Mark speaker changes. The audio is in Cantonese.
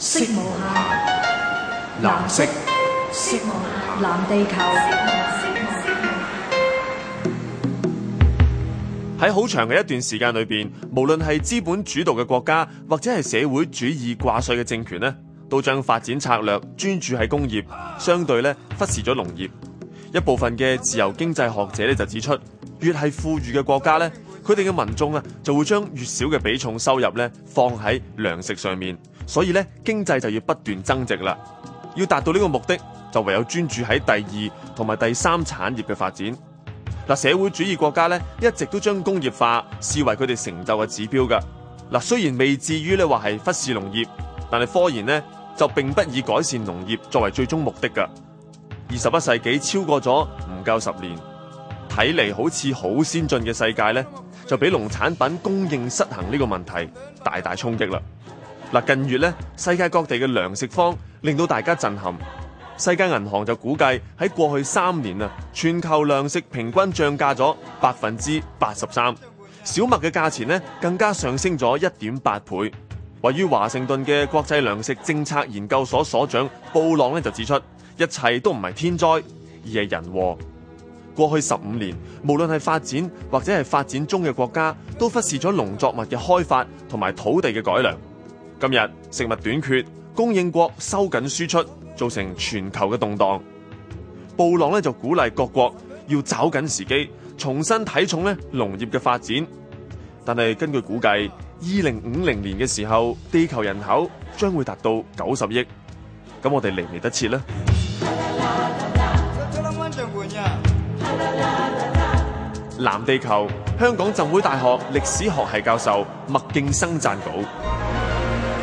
Speaker 1: 色無限，藍色，色無限，藍地球。喺好長嘅一段時間裏邊，無論係資本主導嘅國家，或者係社會主義掛帥嘅政權咧，都將發展策略專注喺工業，相對咧忽視咗農業。一部分嘅自由經濟學者咧就指出，越係富裕嘅國家咧，佢哋嘅民眾啊就會將越少嘅比重收入咧放喺糧食上面。所以咧，經濟就要不斷增值啦。要達到呢個目的，就唯有專注喺第二同埋第三產業嘅發展。嗱，社會主義國家咧一直都將工業化視為佢哋成就嘅指標㗎。嗱，雖然未至於咧話係忽視農業，但係科研呢，就並不以改善農業作為最終目的㗎。二十一世紀超過咗唔夠十年，睇嚟好似好先進嘅世界呢，就俾農產品供應失衡呢個問題大大衝擊啦。嗱，近月咧，世界各地嘅糧食荒令到大家震撼。世界銀行就估計喺過去三年啊，全球糧食平均漲價咗百分之八十三，小麥嘅價錢咧更加上升咗一點八倍。位於華盛頓嘅國際糧食政策研究所所長布朗咧就指出，一切都唔係天災，而係人禍。過去十五年，無論係發展或者係發展中嘅國家，都忽視咗農作物嘅開發同埋土地嘅改良。今日食物短缺，供應國收緊輸出，造成全球嘅動盪。布朗就鼓勵各國要找緊時機，重新睇重呢農業嘅發展。但係根據估計，二零五零年嘅時候，地球人口將會達到九十億。咁我哋嚟唔嚟得切呢？藍地球，香港浸會大學歷史學系教授麥勁生撰稿。